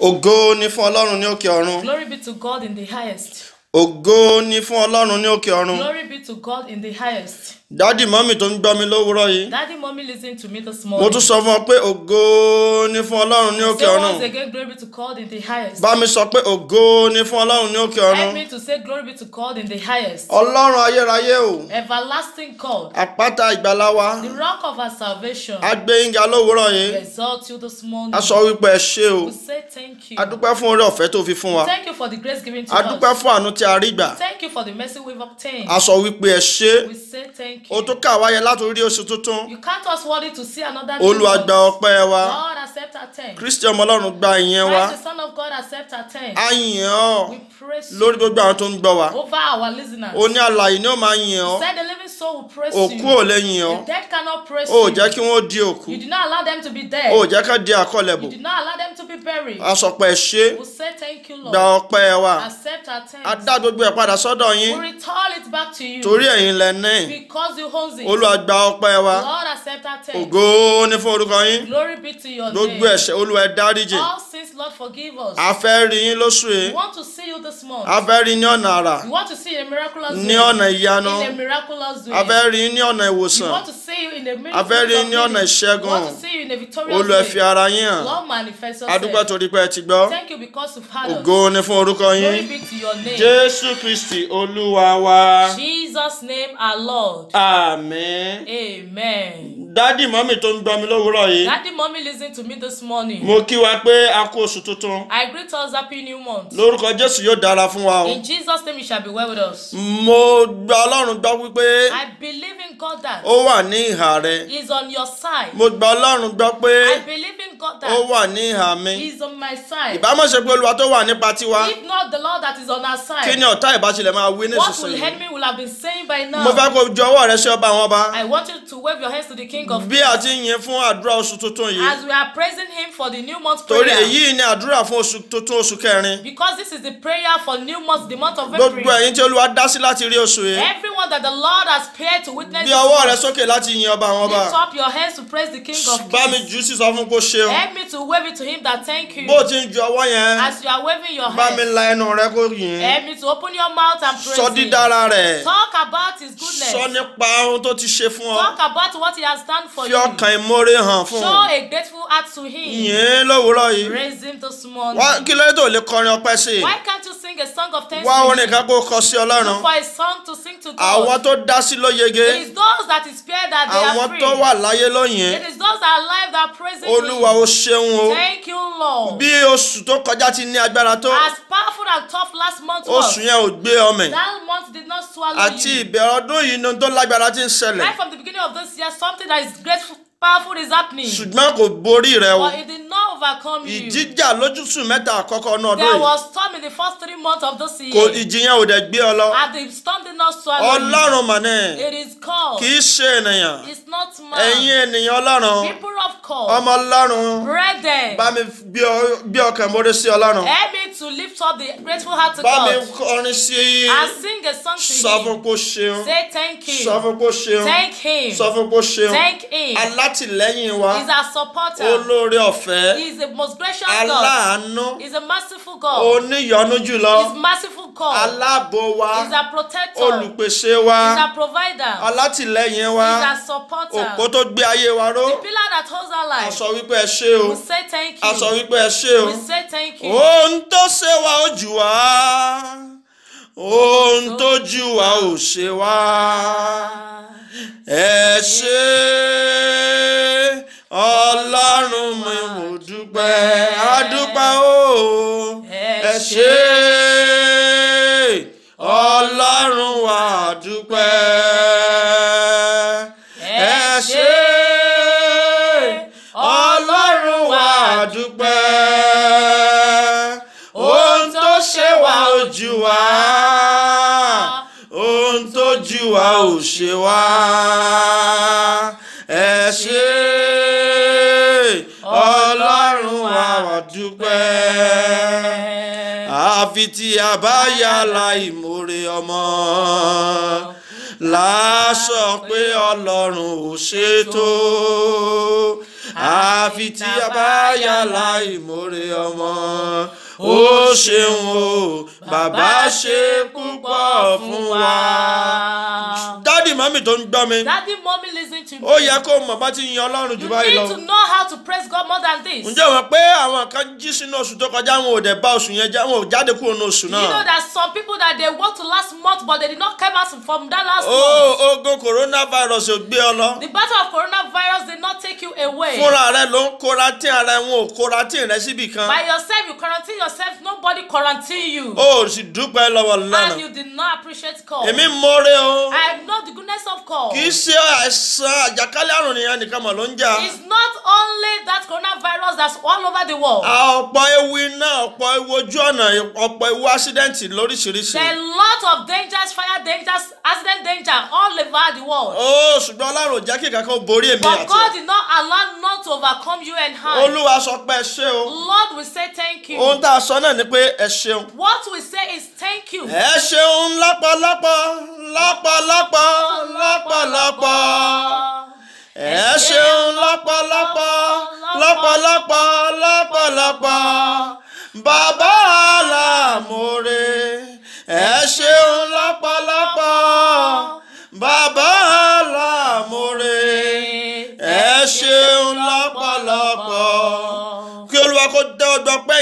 ògo ni fún ọlọ́run ní òkè ọ̀run. glory be to God in the highest. ògo ni fún ọlọ́run ní òkè ọ̀run. glory be to God in the highest dádì mọ́mì tó ń gbọ́ mi lówùúrọ̀ yìí. dádì mọ́mì listen to me this morning. mo tún sọ fún ọ pé ògo ni fún ọlọ́run ní òkè ọ̀run. say once again glory be to God in the highest. bá mi sọ pé ògo ni fún ọlọ́run ní òkè ọ̀run. help me to say glory be to God in the highest. ọlọ́run ayérayé o. everlasting God. àpáta ìgbàlá wa. the rock of our salvation. a gbé yín ga yìí. we exalt you this morning. a sọ wípé ẹ ṣé o. we say thank you. a dúpẹ́ fún oore ọ̀fẹ́ tó fi fún wa. thank you for the grace given to us. a dúpẹ́ fún àánú tí thank you for the mercy we've obtained. a sọ wípé ẹ we say thank thank you. o tún kà wáyé láti oṣù tuntun. you count us worthy to see another day. Olúwa gba ọpẹ́ wa. God accept our thanks. Christian ọmọ Ọlọ́run gba ìyẹn wa. Christ the son of God accept our thanks. a yìn ọ́ lórí gbogbo àwọn tó ń gbọ́ wa. over our listeners. o ní alàyè ni ó máa yìn ọ́. said the living soul will praise you. òkú ò lẹ́yìn ọ. the dead cannot praise you. o jẹ́ kí wọ́n di òkú. you did not allow them to be dead. o jẹ́ ká di àkọlẹ̀bù. you did not allow them to be buried. asọ̀pẹ̀ ṣe. we will say thank you Lord. gba ọpẹ́ wa. accept our thanks. a dá gbogbo ẹ̀ padà sọ́dọ̀ yín. we return it back to you. torí ẹ̀yin lẹ ní. because you hold it. Olúwa gba ọpẹ́ wa. Lord accept our thanks. ògo ni fún orúkọ yín. glory be to your name. gbogbo ẹ̀ṣẹ̀ Olúwa ẹ dáríjì. all sins Lord forgive us. a fẹ́ rí yín lóṣù yìí. we want to see you this month. a fẹ́ rí ní ọ̀nà àrà. we want to see a miraculous way. ní ọ̀nà ìyanu. in a miraculous way doing. a fẹ́ rí ní ọ̀nà ìwòsàn. we want to see you in the miracle. a fẹ́ rí ní ọ̀nà ìṣẹ́gun. want to see you in the victorious way. olùẹ̀fì ara yín hàn. Lord manifest ti gbọ́. thank you because you heard us. ògo ni fún orúkọ yín. to your name. Jésù Kristi Olúwa wa. Jesus name our Lord. Amen. Amen. Dádì mọ́mì tó ń gbọ́ mi lówùúrọ̀ yìí. Dádì listen to me this morning. Mo kí wa pé a kú oṣù tuntun. I greet us happy new month. Lórúkọ Jésù yóò dára fún wa o. In Jesus name it shall be well with us. Mo gba Ọlọ́run gbọ́ wípé. I believe in God that. Ó wà ní ìhà rẹ. He on your side. Mo gba Ọlọ́run gbọ́ pé. I believe in God that. Ó wà ní ìhà mi. He on my side. Ìbámu ṣe pé Olúwa tó wà nípa tiwa. If not the Lord that is on our side. Kí ni ọ̀tá ìbáṣelẹ̀ máa wí nísinsìnyí? What will enemy will have been saying by now. Mo fẹ́ kó ju ọwọ́ rẹ sí ọba àwọn ọba. I want you to wave your hands to the king of. Bí a ti ń yin fún àdúrà oṣù tuntun yìí. As we are praising him for the new month prayer. Torí èyí ni àdúrà fún oṣù tuntun oṣù kẹrin. Because this is the prayer for new month the month of April. Gbogbo ẹ̀yin tí Olúwa dá sí láti rí oṣù yìí. Everyone that the Lord has appeared to witness. Bí ọwọ́ rẹ sókè láti yin ọba àwọn ọba. Lift up your hands to praise the king of kings. Bá mi jù sí sọ fún kó ṣeun. Help me to wave it to him that thank you. Bó o ti ń ju ọwọ́ yẹn. As you are waving your hand. Bá mi la ẹnu rẹ kó yìn. Help me to open your mouth and praise him. Sọ dídára rẹ̀. Talk about his goodness. Sọ nípa ohun tó ti ṣe fún ọ. Talk about what he has done for you. Fi ọkàn ìmoore hàn fún un. Show a grateful heart to him. Yìn lówùúrọ̀ yìí. Praise him to small. Wá kí ló dé lè kọrin ọpẹ́ sí i. Why can't you sing a song of thanksgiving? Wá orin kan kó kọ sí Ọlọ́run. Look for a song to sing to God. Àwọn tó dá sí ló yege. it is those that is spared that they are free. àwọn tó wà láyé lóyìn. it is those that are alive that praise him. olúwa ó ṣeun o. thank you lord. bí oṣù tó kọjá ti ní agbára tó. as powerful and tough last month was. oṣù yẹn ò gbé ọmọ. that month did not swallow you. àti ìbẹ̀rẹ̀ ọdún yìí ni tó lágbára ti ń ṣẹlẹ̀. right from the beginning of this year something that is grateful powerful is happening. ṣùgbọ́n kò borí rẹ o. but it did not overcome you. ìjíjà lójúsùn mẹ́ta àkọ́kọ́ náà lóye. there was storm in the first three months of this year. kò ìjì yẹn ò dẹ̀ gbé ọ lọ. and the storm did not swallow you. ọlọ́run mà ní. it is God. kì í ṣe ènìyàn. it's not man. ẹ̀yin ènìyàn ọlọ́run. people called. ọmọ ọlọ́run. brethren. bá mi gbé ọkàn mọ́rẹ́ sí ọlọ́run. help me to lift up the grateful heart to God. bá mi kọrin sí. and sing a song to him. sọ fún kó ṣeun. say thank him. sọ fún kó ṣeun. thank him. sọ fún kó ṣeun. thank him. alátìlẹ́yìn wa. he is our supporter. olóore ọ̀fẹ́. he is a most gracious God. aláàánú. he is a merciful God. oníyọnu jùlọ. he is merciful God. aláàbò wa. he is our protector. olùpèsè wa. he is our provider. alátìlẹ́yìn wa. he is our supporter. òpó tó gbé ayé wa ró. the pillar that holds our our life. a sọ wípé ẹ ṣé o. we say thank you. a sọ wípé ẹ ṣé o. we say thank you. ohun tó ṣe wa ó jù wá ohun tó jù wá ò ṣe wá ẹ ṣé ọlọ́run mi mo dúpẹ́ a dúpẹ́ o ẹ ṣé. olúwa ò ṣe wá ẹ ṣé ọlọ́run àwa dúpẹ́ àfi tí a bá yàrá ìmoore ọmọ láṣọ pé ọlọ́run ò ṣe tó àfi tí a bá yàrá ìmoore ọmọ ó ṣeun o bàbá ṣe púpọ̀ mami tó ń gbọ́ mi. daddy mommy listen to me. ó yẹ kó mọ̀ ti yin ọlọ́run jù báyìí lọ. you need to know how to praise God more than this. ǹjẹ́ wọn pé àwọn kan jí sínú oṣù tó kọjá àwọn ò dẹ̀ bá oṣù yẹn jáde kúrò ní oṣù náà. you know that some people that they work to last month but they did not come out from that last oh, month. ó ogun coronavirus ò gbé ọ lọ. the battle of coronavirus did not take you away. fúnra rẹ ló ń kóratín ara wọn ò kóratín rẹ síbì kan. by yourself you quarantine yourself nobody quarantine you. o oh, sì dúpẹ́ lọ́wọ́ lánàá. and you did not appreciate God. èmi mọ́re o. I know the goodness sickness of cold. kì í ṣe àìsàn àjàkálẹ̀ àrùn nìyẹn nìkan mọ̀ ló ń jà. it's not only that coronavirus that's all over the world. ọ̀pọ̀ ewu iná ọ̀pọ̀ ewu ojú ọ̀nà ọ̀pọ̀ ewu accident lóríṣiríṣi. there are a lot of dangers fire dangers accident danger all over the world. ó oh, ṣùgbọ́n ọlọ́run ò jẹ́ kí kankan borí èmi àti. but God did not allow to overcome you and harm. Olúwa sọ pé ẹ ṣé o. Lord we say thank you. Ohun tá a sọ náà ni pé ẹ ṣeun. What we say is thank you. Ẹ ṣeun lápálápá lápálápá lápálápá. Ẹ ṣeun lápálápá lápálápá lápálápá. Bàbá àlàmúre.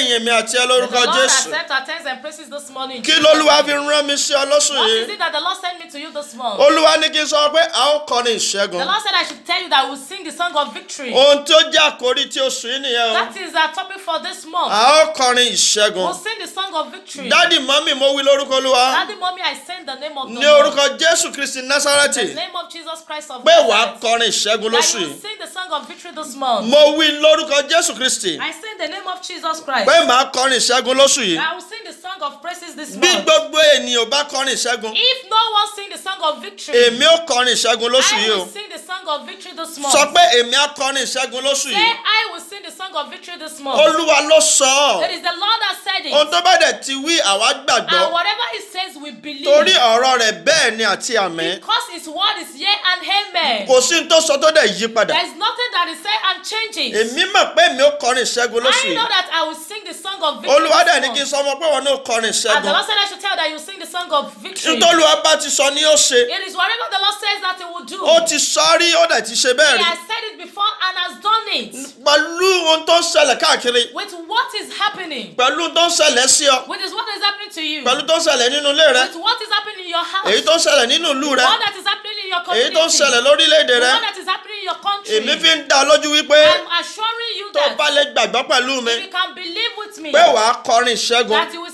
ìyìn mi àti ẹ lórúkọ Jésù. the Lord accept our thanks and praises this morning. kí lolúwa fi rán mi sí ọ yìí. what is it that the Lord sent me to you this month. olúwa ní kí n sọ pé a ó kọrin ìṣẹ́gun. the Lord said I should tell you that we will sing the song of victory. ohun tí jẹ́ àkórí tí oṣù yìí nìyẹn o. that is our topic for this month. a ó kọrin ìṣẹ́gun. we will sing the song of victory. dádì mọ́mì mo wí lórúkọ olúwa. dádì mọ́mì I sing the name of the Lord. ní orúkọ Jésù Kristi Násárẹ́tì. the name of Jesus Christ of Nazareth. pé wàá kọrin ìṣẹ́gun lóṣù yìí. that you will sing the song of victory this month. Mo wí lórúkọ Jésù Kristì. I sing the name of Jesus Christ. Pé màá kọrin ìṣẹ́gun lóṣù yìí. I will sing the song song of praises this month. bí gbogbo ènìyàn bá kọrin ìṣẹ́gun. if no one sing the song of victory. èmi ó kọrin ìṣẹ́gun lóṣù yìí o. I will sing the song of victory this month. sọ pé èmi á kọrin ìṣẹ́gun lóṣù yìí. say I will sing the song of victory this month. olúwa ló sọ. it is the Lord that said it. ohun tó bá dẹ̀ ti wí àwa gbàgbọ́. and whatever he says we believe. torí ọ̀rọ̀ rẹ̀ bẹ́ẹ̀ ni àti àmín. because his word is yea and amen. kò sí ní tó sọ tó dẹ̀ yí padà. there is nothing that he said and changes. èmi mọ̀ pé èmi ó kọrin ìṣẹ́gun lóṣù yìí. I know that I will sing the song of victory this month. olúwa dẹ̀ ní kí n sọ ọmọ pé wọn náà kọrin ṣẹ́gun. and the Lord said I should tell that you sing the song of victory. ntọ́lùwà bá ti sọ ni ó ṣe. it is whatever the Lord says that he will do. ó ti sọ rí ó dẹ̀ ti ṣe bẹ́ẹ̀ rí. he has said it before and has done it. pẹ̀lú ohun tó ń ṣẹlẹ̀ káàkiri. with what is happening. pẹ̀lú ohun tó ń ṣẹlẹ̀ sí ọ. with what is happening to you. pẹ̀lú tó ń ṣẹlẹ̀ nínú ilé rẹ. with what is happening in your house. èyí tó ń ṣẹlẹ̀ nínú ìlú rẹ. all that is happening in your community. èyí tó ń ṣẹlẹ̀ lórílẹ̀‐èdè rẹ. all that is happening in your country. èmi fi ń dá lójú wípé. I'm assuring you that. tó bá lè gbàgbọ́ pẹ̀lú mi. if you can believe with me. pé wàá kọrin ìṣẹ́gun. that you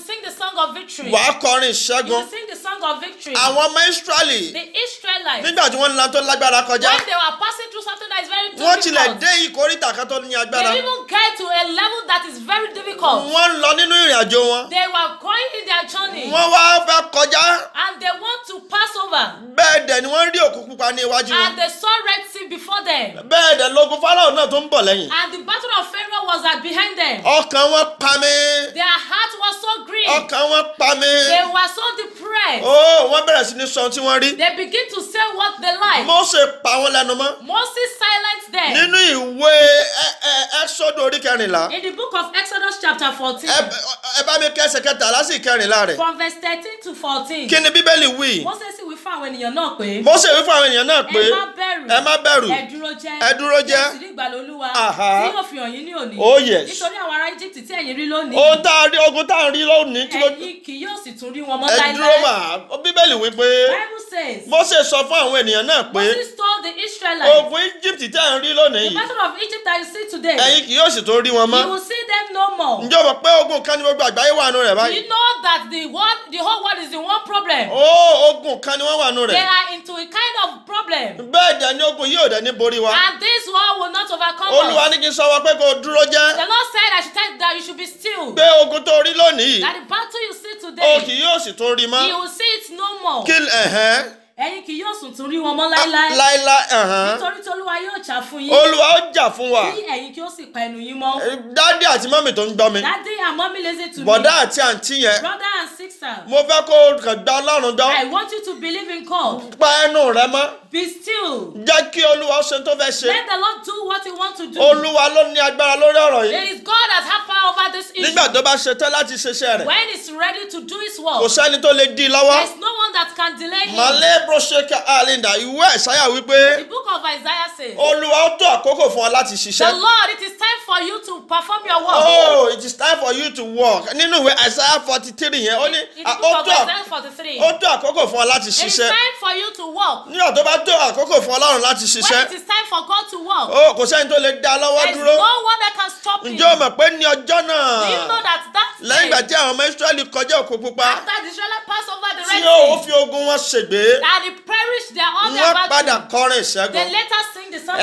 song of victory. wàá kọrin ìṣẹ́gun. you sing the song of victory. àwọn ọmọ Israẹli. the Israelites. nígbà tí wọ́n ń la tó lágbára kọjá. when they were passing through something that is very difficult. wọ́n tilẹ̀ dé ìkórìtà kan tó ní agbára. they even get to a level that is very difficult. wọ́n ń lọ nínú ìrìn àjò wọn. they were going in their journey. wọ́n wá fẹ́ kọjá. and they want to pass over. bẹ́ẹ̀ dẹ̀ ni wọ́n rí òkú pupa ní iwájú wọn. and they saw red sea before them. bẹ́ẹ̀ dẹ̀ lógun Fáráò náà tó ń bọ̀ lẹ́yìn. and the battle of Pharaoh was at behind them. ọkàn wọn pa mí. their me. Ọkàn wọn pa mi. They were so heard. Oh, ó wọ́n bẹ̀rẹ̀ sí ní sọ tí wọ́n rí. they begin to say what they like. Mósè pa wọ́n lẹ́nu mọ́. Moses silenced them. nínú ìwé Exodus orí kẹrìnlá. in the book of Exodus chapter fourteen. ẹ bá mi kẹsẹ̀ kẹtàlá sí kẹrìnlá rẹ̀. from verse thirteen to fourteen. kí ni bíbélì wí. Mósè sì wí fún àwọn ènìyàn náà pé. Mósè wí fún àwọn ènìyàn náà pé. ẹ má bẹ̀rù. ẹ má bẹ̀rù. ẹ dúró jẹ́. ẹ dúró jẹ́. ẹ sì rí ìgbàlà Olúwa. tí yóò fi hàn yín ní òní. oh yes. nítorí àwọn ará Egypt tí ẹ̀yin rí lónìí. ó tá a rí ogun tá a rí lónìí. ẹ̀yin kì yóò sì tún rí wọn mọ́ láíláí. ẹ dúró mà bíbélì wípé Mósè sọ fún àwọn ènìyàn náà pé ogun Egypt tẹ́ ń rí lónìí yìí ẹ̀yin kì yóò sì tó rí wọn mọ́ ǹjẹ́ o mọ̀ pé ogun kan ni àgbáyé wà nù rẹ̀ báyìí. you know that the world, the whole world is in one problem. ó ogun kan ni wọ́n wà nù rẹ̀. they are into a kind of problem. bẹ́ẹ̀ dẹ̀ ni ogun yóò dẹ̀ ní borí wa. and overcome us. Olúwa ní kí n sọ wọ́n pé kó dúró jẹ́. The Lord said I should tell you that you should be still. Gbé ogun tó rí lónìí. That the battle you see today. O kì yóò sì tún rí mọ́. You will see it no more. Kill ẹ̀hẹ́n. Uh ẹ̀yin kì yóò sùn tún rí wọn mọ́ láéláé. láéláé nítorí tí olúwa yóò jà fún yín. olúwa ó jà fún wa. kí ẹ̀yin kí ó sì pa ẹnu yín mọ́. Eh, dádì àti mọ́mì tó ń gbọ́ mi. dádì and mommy listen to me. bọ̀dá àti àǹtí yẹn. brother and sister. mo fẹ́ kó o kàn gba I want you to believe in God. pa ẹnu rẹ mọ́. be still. jẹ́ kí olúwa ṣe tó fẹ́ ṣe. let the Lord do what he want to do. olúwa ló ní agbára lórí ọ̀rọ̀ yìí. there is God that has power over this issue. nígbà tó bá ṣetán láti ṣiṣẹ́ when he ready to do his work. kò sẹ́ni tó lè dí i no one that can delay him. Ebrosheka Alinda ìwé Isaiah wípé. The book of Isaiah says. Olúwa ó tó àkókò fún wa láti ṣiṣẹ́. The Lord it is time for you to perform your work. oh it is time for you to work nínú ìwé Isaiah forty three yẹn ó ní ó tó ó tó àkókò fún ọ láti ṣiṣẹ́. it is time for you to work. ní ọ̀dọ́ bá tó àkókò fún Ọlọ́run láti ṣiṣẹ́. when it is time for God to work. Oh, kò sẹ́ni tó lè dá lọ́wọ́ dúró. there is no one that can stop you. ǹjẹ́ o mọ̀ pé ní ọjọ́ náà. do you know that that time. lẹ́yìn ìgbà tí àwọn ọmọ Israẹli kọjá Òkun Pupa. after the Israelites pass over the Red Sea. tí ó fi ogun wọn ṣègbé. and they perish their own their battle. wọ́n padà kọrin ìṣẹ́gun. they later sing the song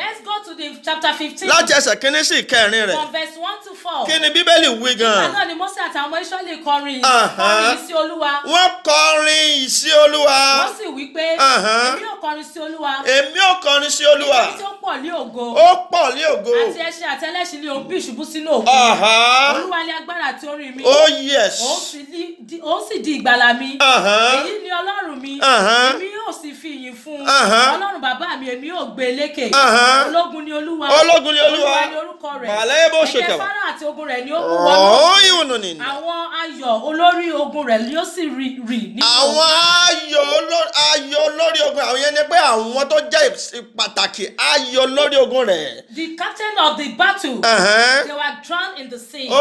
let's go to the chapter fifteen. láti ẹsẹ̀ kínní sí ìkẹrin rẹ̀. from verse one to four. kí ni bíbélì wí gan. ìgbà náà ni Mósè àtàwọn ọmọ Ísírẹ́lì kọrin kọrin sí olúwa. wọ́n kọrin sí olúwa. wọ́n sì wí pé èmi ò kọrin sí olúwa. èmi ò kọrin sí olúwa. èyí tí ó pọ̀ lé ògo. ó pọ̀ lé ògo. àti ẹṣin àti ẹlẹ́ṣin ni òun bí ìṣubú sínú òkun. olúwa ni agbára tí ó mi. oh yes. òun sì di ìgbàlà mi. èyí ni ọlọ́run mi. èmi yóò sì fi ìyìn fún un. ọlọ́run ọlọ́run bàbá mi èmi ò gbé e lékè. ológun ni olúwa. ológun ni olúwa. olúwa ni orúkọ rẹ̀. màlẹ́ fara àti ogun rẹ̀ ni ó kú wọnú. ọ̀hún ìwọ̀n nìyí. àwọn ayọ̀ olórí ogun rẹ̀ ni ó sì rì rì. àwọn ayọ̀ olórí ogun àwọn yẹn ni pé àwọn tó jẹ́ pàtàkì ayọ̀ olórí ogun rẹ̀. the captain of the battle. Uh-huh. they were drowned in the sea. ó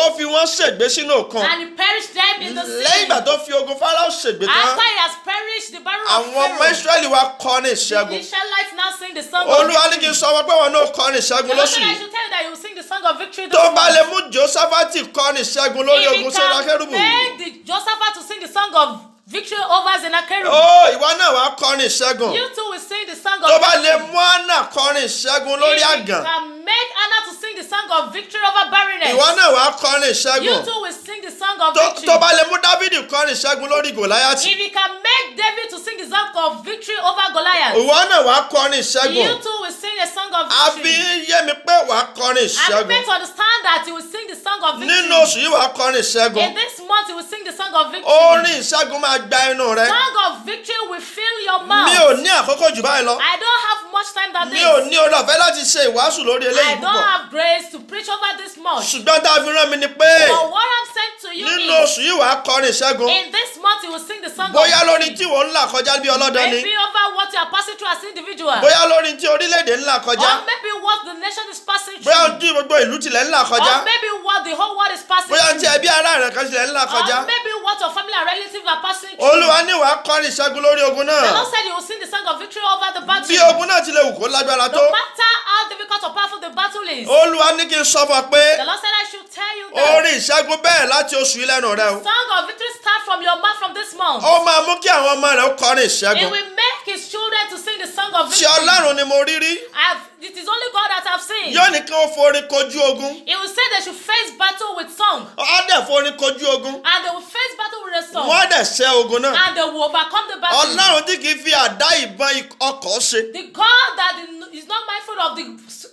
ó fi wọ́n ṣègbé sínú òkun. and he perished them in the sea. lẹ́yìn ìgbà tó fi ogun Fáráò ṣègbé tán. after he has perished the battle. of Pharaoh. àwọn ọmọ Ísírẹ́lì wa kọrin kọrin ìṣẹ́gun. now sing the song of victory. olúwa ní kí n sọ wọn pé wọn náà kọrin ìṣẹ́gun lóṣù yìí. should tell you that you sing the song of victory. tó bá lè mú Jósáfátì kọrin ìṣẹ́gun lórí ogun Sénákérúbù. if sing the song of Victory over Sennacherib. Oh, ìwọ náà wàá kọrin ìṣẹ́gun. You too will sing the song of victory. Tó bá lè mú Anna kọrin ìṣẹ́gun lórí àgàn. Make Anna to sing the song of victory over barrenness. Ìwọ náà wàá kọrin ìṣẹ́gun. You too will sing the song of victory. Tó bá lè mú Dávidi kọrin ìṣẹ́gun lórí Gòláyàtì. If he can make David to sing the song of victory over Goliath. Ìwọ náà wàá kọrin ìṣẹ́gun. You too will sing the song of victory. Àfi yé mi pé wàá kọrin ìṣẹ́gun. I make to understand that you will sing the song of victory. Nínú oṣù yìí wàá kọrin ìṣẹ́gun. In this month you will sing the song of victory. Orin ìṣẹ́gun máa gba inú rẹ. Song of victory will fill your mouth. Mi ò ní àkókò jù báyìí lọ. I don't have much time that day. Mi ò ní oore ọ̀fẹ́ eléyìí púpọ̀. I don't have grace to preach over this month. ṣùgbọ́n tá a fi rán mi ni pé. But what I'm saying to you is. nínú oṣù yìí wàá kọrin ìṣẹ́gun. In this month you will sing the song of. bóyá lórí tí wọ́n ń là kọjá bí ọlọ́dọ̀ ni. Maybe over what you are passing through as individual. bóyá lórí tí orílẹ̀-èdè ń là kọjá. Or maybe what the nation is passing through. bóyá ojú gbogbo ìlú tilẹ̀ ń là kọjá. Or maybe what the whole world is passing through. bóyá ti ẹbí ará rẹ̀ kan tilẹ̀ ń là kọjá. Or maybe what your family and relatives are passing through. olúwa ní wàá kọrin ìṣẹ́gun lórí ogun náà. the Lord said he will sing the song of victory over the battle. bí ogun náà ti lè wù kó lágbára tó. no matter how difficult or powerful the battle is. olúwa ní kí n sọ fún ọ pé. the Lord said I should tell you that. orin ìṣẹ́gun bẹ́ẹ̀ láti oṣù ilẹ̀nu rẹ o. the song of victory start from your mouth from this month. ó máa mú kí àwọn ọmọ rẹ kọrin ìṣẹ́gun. He will make his children to sing the song of victory. ṣe ọlọ́run ni mo rí rí. I have it is only God that have seen. yóò ní kí wọ́n forin kojú ogun. he will say they should face battle with song. á dẹ̀ forin kojú ogun. and they will face battle with a song. wọ́n á dẹ̀ ṣe ogun náà. and they will overcome the battle. ọlọ́run tí kì í fi àdá ìbọn ọkọ̀ ṣe. the God that the is not mindful of the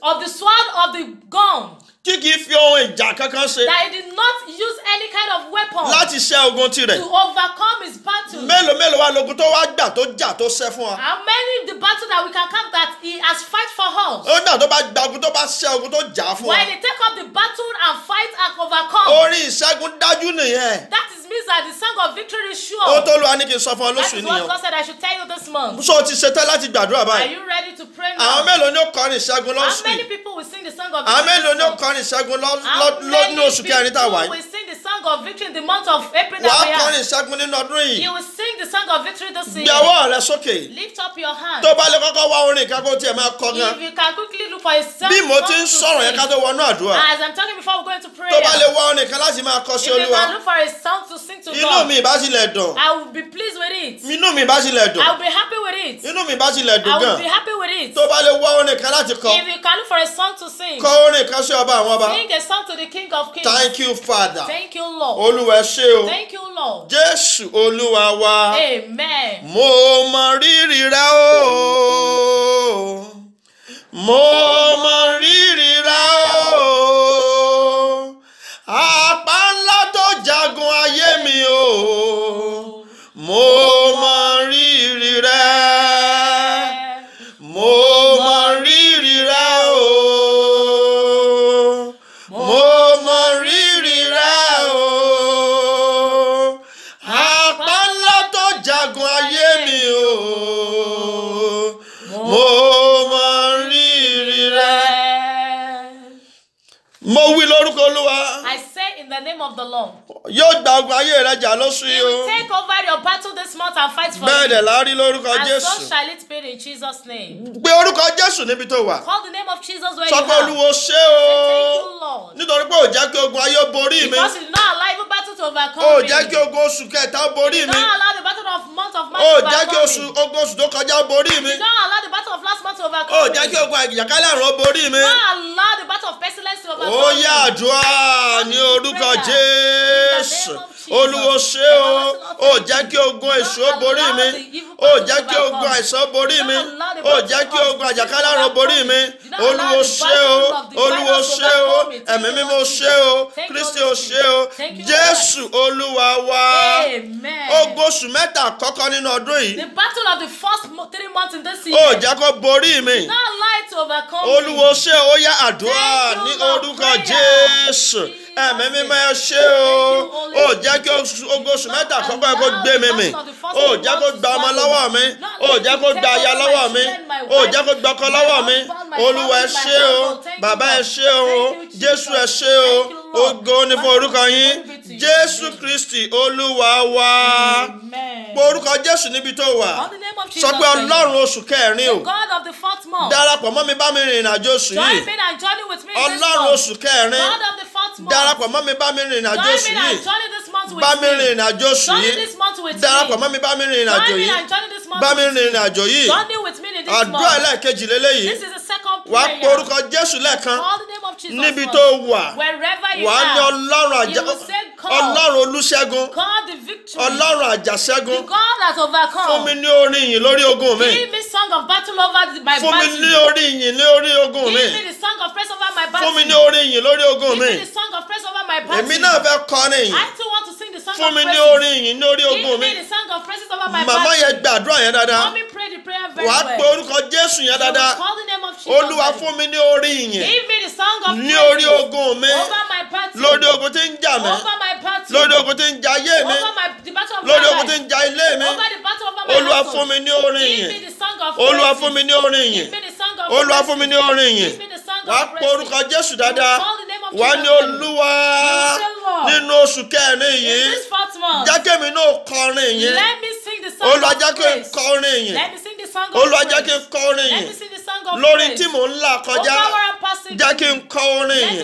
of the sword of the gun. Tí kì í fi ohun ìjà kankan ṣe. That he did not use any kind of weapon. Láti ṣe ogun tirẹ̀. To overcome his battle. Mélòó mélòó wa lógun tó wá gbà tó jà tó ṣẹ́ fún wa. How many the battle that we can count that he has fight for us. Ó náà tó bá gba ogun tó bá ṣẹ́ ogun tó jà fún wa. When he take up the battle and fight and overcome. Orí ìṣẹ́gun dájú nìyẹn. That is means that the song of victory sure. ó tó lu aniki sọ fún ọ lóṣù nìyẹn. what God said I should tell you this month. so o ti ṣetán láti gbàdúrà báyìí. are you ready to pray now. àwọn mélòó ni ó kọrin ìṣẹ́gun lọ́sùn how many people will sing the song of victory. àwọn mélòó ni ó kọrin ìṣẹ́gun lọ́dún oṣù kẹrin tá a wáyé. how many people will sing the song of victory in the month of April that we are. wàá kọrin ìṣẹ́gun nínú ọdún yìí. you will sing the song of victory this year. gbẹ̀wọ́ rẹ sókè. lift up your hand. tó bá lè kọ́kọ́ wá orin kan tiẹ̀ máa kọ gan. if you can quickly look for a song. bí mo ti ń sọ̀rọ̀ yẹn ká tó wọnú as I'm talking before we go into prayer. if you can look for a song to sing to God. Inú mi ìbá tilẹ̀ dùn. I will be pleased with it. Inú mi ìbá tilẹ̀ dùn. I will be happy with it. Inú mi ìbá tilẹ̀ dùn gan. I will be happy with it. Tó bá lè wá orin kan láti kọ. If you can look for a song to sing. Kọ orin kan sí ọba àwọn ọba. Sing a song to the king of kings. Thank you father. Thank you lord. Olúwa ẹ ṣé o. Thank you lord. Jésù Olúwa wa. Amen. Mo mọ rírì rẹ o. Mo mọ rírì rẹ o. mo mọ rírì rẹ mo mọ rírì rẹ o mo mọ rírì rẹ o apá ńlá tó wí lórúkọ Olúwa. I in the name of the Lord. Yóò gba ogun ayé rẹ jà lóṣù yìí o. He will take over your battle this month and fight for you. Bẹ́ẹ̀ dẹ̀ la rí lórúkọ Jésù. And so shall it be in Jesus' name. Gbé orúkọ Jésù níbi tó wà. Call the name of Jesus where you are. Sọ pé Olúwo ṣé o. Say thank you Lord. Nítorí pé ò jẹ́ kí ogun ayé borí mi. Because you know I like battle to overcome oh, me. ó jẹ́ kí ogun oṣù kẹta borí mi. you don't allow the battle of month of March oh, to overcome me. ó jẹ́ kí oṣù ogun oṣù tó kọjá borí mi. you don't allow the battle of last month to overcome oh, me. ó jẹ́ kí ogun àjàkálẹ̀ àrùn borí mi. you don't allow the battle of pestilence to overcome me. ó yá àdúrà ní orúkọ Jésù olúwo ṣe o ò jẹ́ kí ogun èṣù borí mi ò jẹ́ kí ogun àìsàn borí mi ò jẹ́ kí ogun àjàkálàrùn borí mi olúwo ṣe o olúwo ṣe o ẹ̀mí mímọ́ ṣe o kristi ò ṣe o jésù olúwa wa ogun oṣù mẹ́ta àkọ́kọ́ nínú ọdún yìí. the battle of the first three months in this year. ò jẹ́ kó borí mi. now light overcome me. olúwo ṣe ó yá àdúrà ní orúkọ jésù ẹ̀mí mímọ́ ẹ ṣé o ò jẹ́ kí oṣù mẹ́ta àkọ́kọ́ kó gbé mi mì ò jẹ́ kó gba ọmọ lọ́wọ́ mi ò jẹ́ kó gba aya lọ́wọ́ mi ò jẹ́ kó gba ọkọ lọ́wọ́ mi olúwa ẹ ṣé o bàbá ẹ ṣé o jésù ẹ ṣé o ògo ni fún orúkọ yín jésù kristi olúwa wa pé orúkọ jésù níbi tó wà sọ pé ọlọ́run oṣù kẹrin o darapọ̀ mọ́ mi bá mi rìnrìn àjò oṣù yìí ọlọ́run oṣù kẹrin darapọ̀ mọ́ mi bá mi rìnrìn àjò oṣù yìí bá mi rìnrìn àjò oṣù yìí darapọ̀ mọ́ mi bá mi rìnrìn àjò yìí bá mi rìnrìn àjò yìí àdúrà ẹlẹ́ẹ̀kejì lélẹ́yìí wàá pe orúkọ jésù lẹ́ẹ̀kan of Jesus. Níbi tó wà. Wherever you are. Wàá ní ọlọ́run àjà. You will say call. Ọlọ́run olúṣẹ́gun. Call the victory. Ọlọ́run àjàṣẹ́gun. The God has overcome. Fún mi ní orin yìí lórí ogun mi. Give me song of battle over my battle. Fún mi ní orin yìí lórí ogun mi. Give me the song of praise over my battle. Fún mi ní orin yìí lórí ogun mi. Give me the song of praise over my battle. Èmi náà fẹ́ kọrin yìí. I too want to sing the song of praise. Fún mi ní orin yìí lórí ogun mi. Give me the song of praise over my battle. Màmá yẹn gbàdúrà yẹn dáadáa. Mommy pray very well. wàá pe orúkọ Jésù yẹn dáadáa. call the name of Jesus. Olúwa fún mi ní orí ìyẹn. give me the song of praise. ní orí ogun mi. over my party. lórí ogun tí ń jà mí. over my party. lórí ogun tí ń jà ayé mi. over my the battle of my life. lórí ogun tí ń jà ilé mi. over the battle of my life. Olúwa fún mi ní orí ìyẹn. give me the song of praise. Olúwa fún mi ní orí ìyẹn. give me the song of praise. Olúwa fún mi ní orí ìyẹn. give me the song of praise. wàá pe orúkọ Jésù dáadáa. you call Jesus. wàá ní Olúwa nínú oṣù kẹrin yìí. in this fourth month. jákèmí náà kọrin yìí. let me sing the song of praise. Olúwa jákèmí kọrin yìí. let me sing olúwa jẹ́ kí n kọ orin yìí lórí tí mò ń là kọjá jẹ́ kí n kọ orin yìí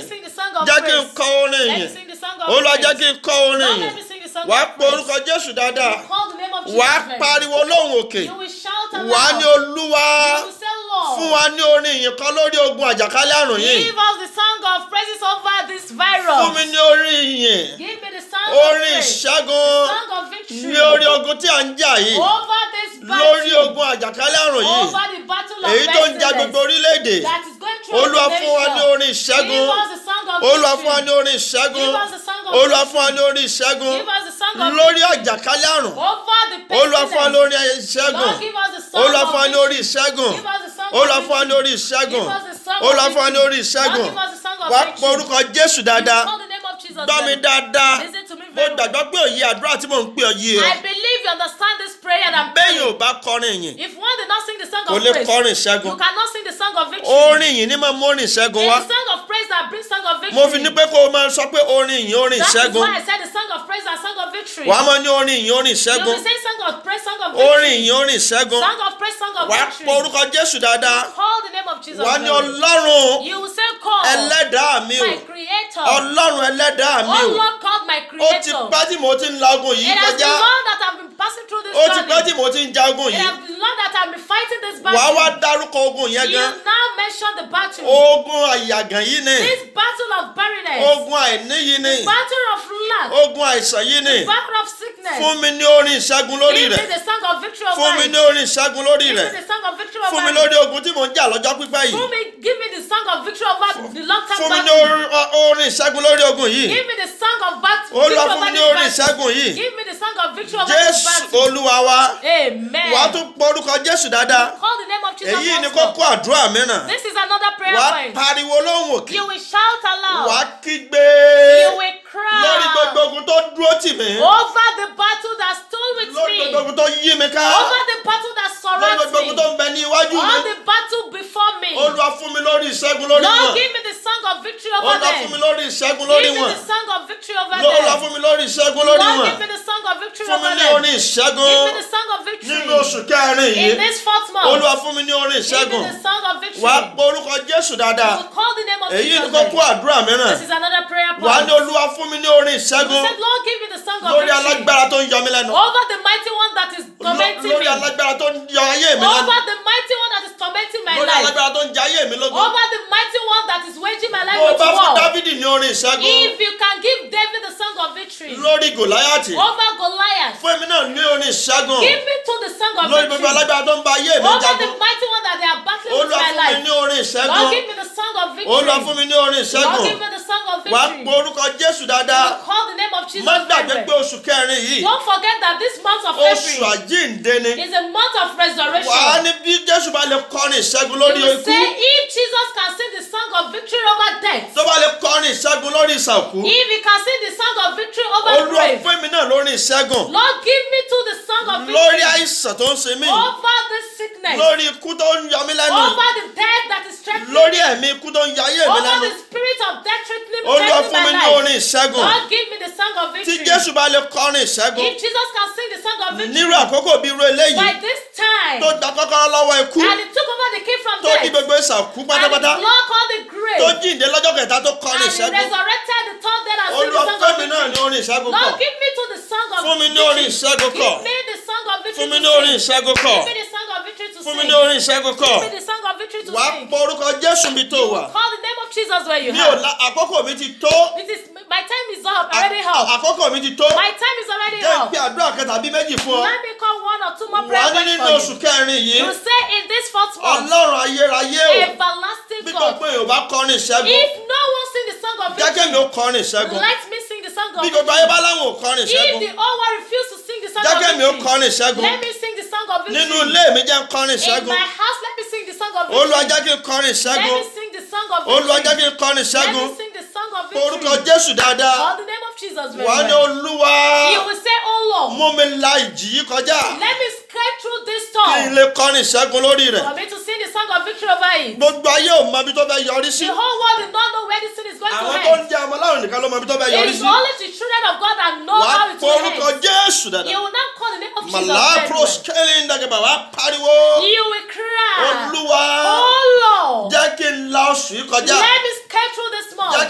jẹ́ kí n kọ orin yìí olúwa jẹ́ kí n kọ orin yìí wà á pe orúkọ jésù dáadáa wà á pariwo lóhùn òkè wà á ní olúwa. Fún wa ní orin ìyìn kan lórí ogun àjàkálẹ̀ àrùn yìí. Give us the song of praises over this virus. Fún mi ní orin ìyìn. Give me the song of praise. Orin ìṣẹ́gun. Ní orí ogun tí à ń jà yìí. Over this battle. Lórí ogun àjàkálẹ̀ àrùn yìí. Over the battle of pestilence. Èyí tó ń ja gbogbo orílẹ̀-èdè. That is going through the nation. Olúwa fún wa ní orin ìṣẹ́gun. Olúwa fún wa ní orin ìṣẹ́gun. Olúwa fún wa ní orin ìṣẹ́gun. Lórí àjàkálẹ̀ àrùn. Over the pestilence. Olúwa fún wa lórí ìṣẹ́gun. Lord give us the song of victory. Olúwa fún wa lórí ìṣẹ́gun. Give us ó lọ fún wa ní orí ìṣẹ́gun ó lọ fún wa ní orí ìṣẹ́gun wà á pọ orúkọ jésù dáadáa gbọ́ mi dáadáa mo gbàgbọ́ pé òye àdúrà tí mò ń pè ọ o. I believe you understand this prayer that I'm praying. bẹ́ẹ̀ bá kọrin yìí. if one did not sing the song of praise. kò lè kọrin ìṣẹ́gun. you cannot sing the song of victory. orin yìí ni mo mú orin ìṣẹ́gun wá. the song of praise that brings song of victory. mo fi ní pé kó o máa sọ pé orin ìyìn orin ìṣẹ́gun. that is why I said the song of praise and song of victory. wàá máa ní orin ìyìn orin ìṣẹ́gun. you be saying song of praise song of victory. orin ìyìn orin ìṣẹ́gun. song of praise song of victory. wàá pọ orúkọ Jésù dáadáa. call the name of Jesus. wàá ní Ọlọ́run. you will say call. ẹlẹ́dàá mi o. my creator. Ọlọ́run ẹlẹ́dàá mi o. Oh Lord God my creator. ó ti pẹ́ tí mo ti ń lagun yìí kọjá. it has been long that I have been passing through this journey. ó ti pẹ́ tí mo ti ń jagun yìí. it has been long that I have been fighting this battle. wàá wá dárúkọ ogun yẹn gan. you now mention the battle. ogun àyàgàn yìí ni ni. this battle of barrenness. ogun àìníyí ni. the battle of lack. ogun àìsàn yìí ni. the battle of sickness sickness. fún mi ní orin ìṣẹ́gun lórí rẹ̀. give me the song of victory of life. fún mi ní orin ìṣẹ́gun lórí rẹ̀. give me the song of victory of life. fún mi lórí ogun tí mò ń jà lọ́jọ́ pípẹ́ yìí. fún mi give me the song of victory of life the long term battle. fún mi ní orin ìṣẹ́gun lórí ogun yìí. give me the song of victory of battle. olúwa fún mi ní orin ìṣẹ́gun yìí. give me the song of victory of life. jésù olúwa wa. amen. wàá tún porúkọ jésù dáadáa. call the name of jesus. èyí ni kókó àdúrà mìíràn. this is another prayer point. wàá pariwo lóhùn òkè. you will shout aloud. wàá kígbe. you will crown. lórí gbogbo ogun tó dúró tì mí. over the battle that stood with me. lórí gbogbo ogun tó yí mi ká. over the battle that surrounds me. lórí gbogbo ogun tó ń bẹ ní iwájú mi. all the battle before me. olúwa fún mi lórí ìṣẹ́gun lórí wọn. Lord give me the song of victory over them. olúwa fún mi lórí ìṣẹ́gun lórí wọn. give me the song of victory over them. olúwa fún mi lórí ìṣẹ́gun lórí wọn. Lord give me the song of victory over them. fún mi ní orin ìṣẹ́gun. give me the of victory. oṣù kẹrin yìí. in this fourth month. olúwa fún mi ní orin ìṣẹ́gun. the song of victory. wàá pọ orúkọ Jésù dáadáa. you call the name of Jesus. èyí ni kókó àdúrà mìíràn. this is another prayer point. wàá ní olúwa fún mi ní orin ìṣẹ́gun. Lord give me the song of victory. lórí alágbára tó ń yọ mí lẹ́nu. over the mighty one that is tormenting me. lórí alágbára tó ń yọ ayé mi lẹ́nu. over the mighty one that is tormenting my life. lórí alágbára tó ń jẹ ayé mi lógun. over the mighty one that is waging my life with war. bá fún Dáfídì ní orin ìṣẹ́gun. if you can give David the song of victory. lórí Gòláyàtì. over Goliath. fún èmi náà ní orin ìṣẹ́gun even to the song of victory. lórí gbogbo the mighty one that they are battling with my life. Olúwa fún mi ní orin ìṣẹ́gun. Lord give me the song of victory. Olúwa fún mi ní orin ìṣẹ́gun. Lord give me the song of victory. wàá pe orúkọ Jésù dáadáa. you call the name of Jesus. má gbàgbé pé oṣù kẹrin yìí. don't forget that this month of February. oṣù àjíǹde ni. is a month of resurrection. wàá ní bí Jésù bá lè kọrin ìṣẹ́gun lórí ikú. you say if Jesus of victory over death. tó bá lè kọrin ìṣẹ́gun lórí ìsàkú. if you can sing the song of victory over grave. olúwa fún mi náà lórí ìṣẹ́gun. Lord give me to the song of victory. lórí àìsàn tó ń ṣe mí. over the sickness. lórí ikú tó ń yọ mí lẹ́nu. over the death that is threatening. lórí ẹ̀mí ikú tó ń yọ ayé mi lẹ́nu. over the spirit of death threatening my life. olúwa fún mi ní orin ìṣẹ́gun. Lord give me the song of victory. tí Jésù bá lè kọrin ìṣẹ́gun. if Jesus can sing the song of victory. nírú àkókò bí irú eléyìí. by this time. tó gba kọ́kọ́rọ́ lọ́wọ́ ikú. and he took over the key from death. tó di gbogbo ìsàkú pátápátá. and he blocked all the grave. tó jíǹde lọ́jọ́ kẹta tó kọrin ìṣẹ́gun. and resurrected the third day and sing the song of victory. olùkọ́ mi náà ní orin ìṣẹ́gun kọ. Lord give me to the song of victory. fún mi ní orin ìṣẹ́gun kọ. give me the song of victory to sing. fún mi ní orin ìṣẹ́gun kọ. give me the song of victory to sing. fún mi ní orin ìṣẹ́gun kọ. give me the song of victory to sing. wàá pọ orúkọ Jésù mi tó wà. call the name of Jesus where you are. mi ò la àkókò mi ti tó. it is my time is up already up. àkókò mi ti tó. my time is already up. jẹ́ pé àdúrà kẹta bí méjì fún ọ. let me call one or two more prayer points for you. wà á ní nínú oṣù kẹrin yìí. you say in this fourth month. Ọlọ́run ayérayé o. everlasting worship God. bí gbogbo èèyàn kọrin ìṣẹ́gun. if no one sing the song of victory. jẹ́kẹ́ mi ó kọrin ìṣẹ́gun. let me sing the song of victory. bí gbogbo ayé bá láwọn ò kọrin ìṣẹ́gun. if the whole world refuse to sing the song of victory. jẹ́kẹ́ mi ó kọrin ìṣẹ́gun. let me sing the song of victory. nínú ilé mi jẹ́ ń kọrin ìṣẹ́gun. in my house let me sing the song of victory. Olúwa kí n kọrin ìṣẹ́gun. let me sing the song of victory. Olúwa kí n kọrin ìṣẹ́gun. let me sing orúkọ jésù dáadáa. the name of jesus very well. wà ní olúwa. you will say oh lord. mú mi la ìjì kọjá. let me get through this storm. kí n lè kọrin ìṣẹ́gun lórí rẹ̀. me to sing the song of victory over it. gbogbo ayé ò mọ ibi tó fẹ́ yọrí sí. the whole world did not know where this thing is going to end. àwọn tó ń jẹ ọmọ láwọn nìkan ló mọ ibi tó fẹ́ yọrí sí. it is only the children of God that know how it will end. wà á porúkọ jésù dáadáa. you will not call the name of jesus màlá proskele ń dàgbà wá pariwo. you will cry. olúwa. oh lord. jẹ́ kí n la oṣù yìí kọjá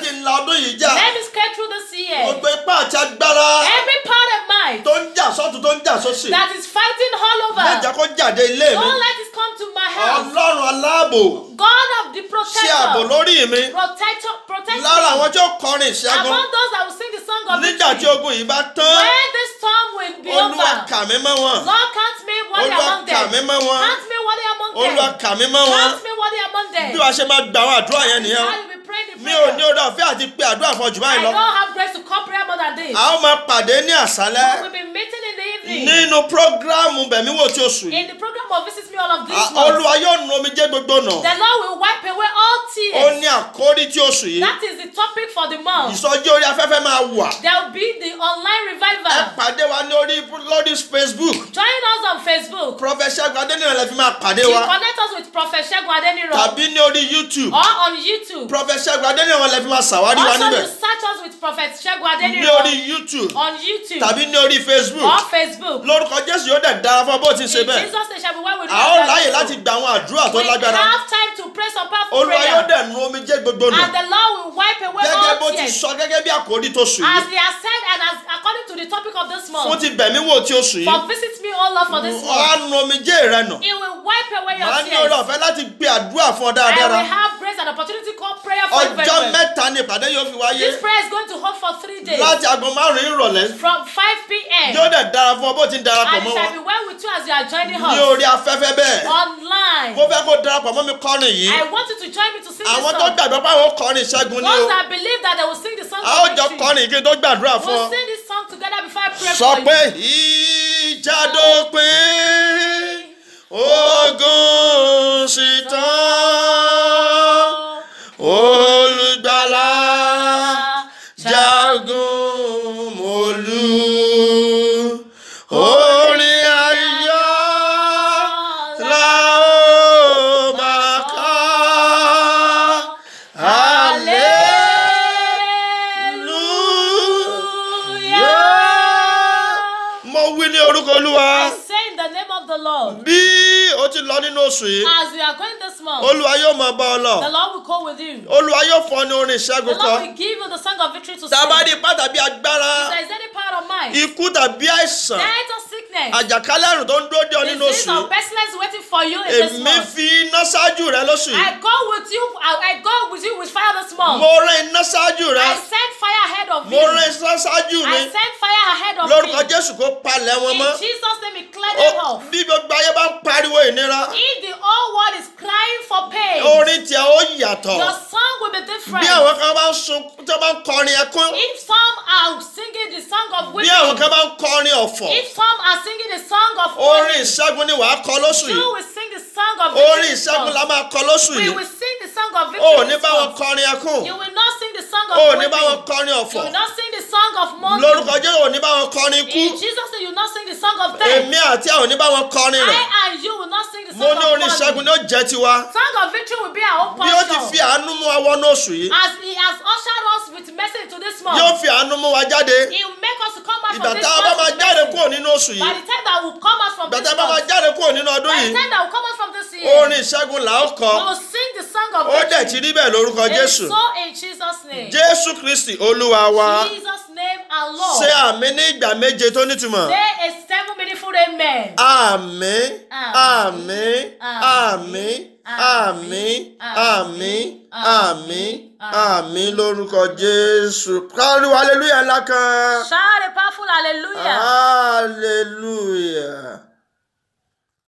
kí n la ọdún yìí jà. let me get through this year. gbogbo ipá àti agbára. every part of mine. tó ń jà sọ́tún tó ń jà sósì. that is fighting all over. mẹ́jà kó jáde ilé mi. don't let it come to my house. ọlọ́run aláàbò. God of the protector. ṣe ààbò lórí mi. protector protect lára àwọn tí ó kọrin ìṣẹ́gun. among those that will sing the song of victory. nígbà tí ogun yìí bá tán. when the storm will be over. olúwa kà mí mọ́ wọn. Lord count me worthy among them. olúwa kà mí mọ́ wọn. count me worthy among them. olúwa kà mí mọ́ wọn. count me worthy among them. bí wàá ṣe máa gbà àwọn àdúrà yẹn nìyẹn mi ò ní orí ọ̀fẹ́ àti pé àdúrà fún ọjọ́ báyìí lọ. I don't have grace to come pray more than this. a ó máa pàdé ní àṣálẹ́. we will be meeting in the evening. nínú programu bẹ̀mí wò tí o sùn. in the program of visit me all of these. month. olúwa yóò nu omijé gbogbo nà. the lord will wipe away all tears. ó ní àkórí tí o sùn yìí. that is the topic for the month. ìsọjí orí afẹ́fẹ́ máa wà. there will be the online revival. ẹ pàdé wa lórí lórí facebook. join us on facebook. prophet segun adeniran lè fi máa pàdé wa. you connect us with prophet segun adeniran. tàbí ní orí youtube. or on youtube. prophet segun Ṣẹ́gun wọn lè fi máa ṣàwárí wa níbẹ̀. also you search us with prophet Ṣẹ́gun Adéníran. ní orí YouTube. on YouTube. tàbí ní orí Facebook. on Facebook. lórúkọ Jésù yóò dẹ̀ dára fún bó ti ṣe bẹ́ẹ̀. in Jesus name shall we well with you. a ó láyè láti gba àwọn àdúrà tó lágbára. we have time to pray some powerful prayer. Olúwa yóò dẹ̀ nu omijé gbogbo nù. and the Lord will wipe away all tears. gẹ́gẹ́ bó ti sọ gẹ́gẹ́ bí àkòrí tó sùn yìí. as he has said and as according to the topic of this month. fún ti bẹ̀mí wò tí ó sùn yìí. for visit me all love for this month. wàá nu omijé rẹ nù. he will wipe away your tears. màá ní ọ̀rọ̀ ọ̀fẹ́ láti gbé àdúrà fún ọ dáadáa. I will have grace and opportunity to call prayer for you ọjọ́ mẹ́ta ni ìpàdé yóò fi wáyé. this prayer is going to hold for three days. láti aago márùn-ún ìrọ̀lẹ́. from five pm. yóò dẹ̀ dára fún ọ bó ti ń darapọ̀ mọ́ wọn. and it shall be well with you as you are joining us. ní orí afẹ́fẹ́ bẹ́ẹ̀. online. mo fẹ́ kó darapọ̀ mọ́ mi kọrin yìí. I want you to join me to sing this song. àwọn tó gbàgbọ́ pé àwọn kọrin ìṣẹ́gun ni o. those that believe that they will sing the song for victory. a ó jọ kọrin kí n tó gbàdúrà fún ọ. we will sing this song together before I pray for you. sọ pé ìjà lọ nínú oṣù yìí. as we are going this month. olúwa yóò máa bá ọ lọ. the lord will call with you. olúwa yóò fọ ní orin ìṣẹ́gun kan. the lord will give you the song of victory to sing. tá a agbára. if there is any power of mine. ikú tàbí àìsàn. let us sickness. àjàkálẹ̀ àrùn tó ń dúró dé ọ nínú oṣù. the of pestilence waiting for you in this month. èmi fi iná ṣáájú rẹ lóṣù yìí. I go with you I go with you with fire this month. mo rán iná ṣáájú rẹ. I send fire ahead of me. mo rán iná ṣáájú mi. I send fire ahead of me. lórúkọ Jésù kó palẹ̀ wọn mọ́. in Jesus name he clear them off. bí gbogbo ayé bá ń pariwo ìnira. if the whole world is crying for pain. orin tiẹ̀ ó yàtọ̀. your song will be different. bí àwọn kan bá ń sun tó bá ń kọrin ẹkún. if some are singing the song of weeping. bí àwọn kan bá ń kọrin ọ̀fọ̀. if some are singing the song of winning. Orin ìṣẹ́gun ni wàá kọ lóṣù yìí. You will sing the song of victory. Orin ìṣẹ́gun la máa kọ lóṣù yìí. We will sing the song of victory. O ní bá wọn kọrin ẹkún. You will not sing the song of weeping. O ní bá wọn kọrin ọ̀fọ̀. You will not sing the song of mourning. Lórúkọ Jésù ò ní bá wọn kọrin ikú. In Jesus name you will not sing the song of death. Èmi àti ẹ̀ ò ní bá wọn kọrin rẹ̀. I and you will not sing the song of mourning. Mo ní orin ìṣẹ́gun ni ó jẹ́ tiwa. Song of victory will be our own portion. Bí ó ti fi àánú mú wa wọnú oṣù yìí. As he has ushered us with message to this month. Yóò fi àánú mú wa jáde. He will ìgbà tá a bá máa jáde kúrò nínú oṣù yìí ìgbà tá a bá máa jáde kúrò nínú ọdún yìí orin ìṣẹ́gun là ó kọ ó dẹ̀ ti rí bẹ́ẹ̀ lórúkọ Jésù Jésù Kristi Olúwa wa ṣé àmì ní ìgbà méje tó nítumọ̀. Amen. Amen. Amen. Amen. Amen. Amen. Amen. Amen. lórúkọ Jésù. Káríwá hallelujah ńlá kan. Shout a powerful hallelujah. Hallelujah.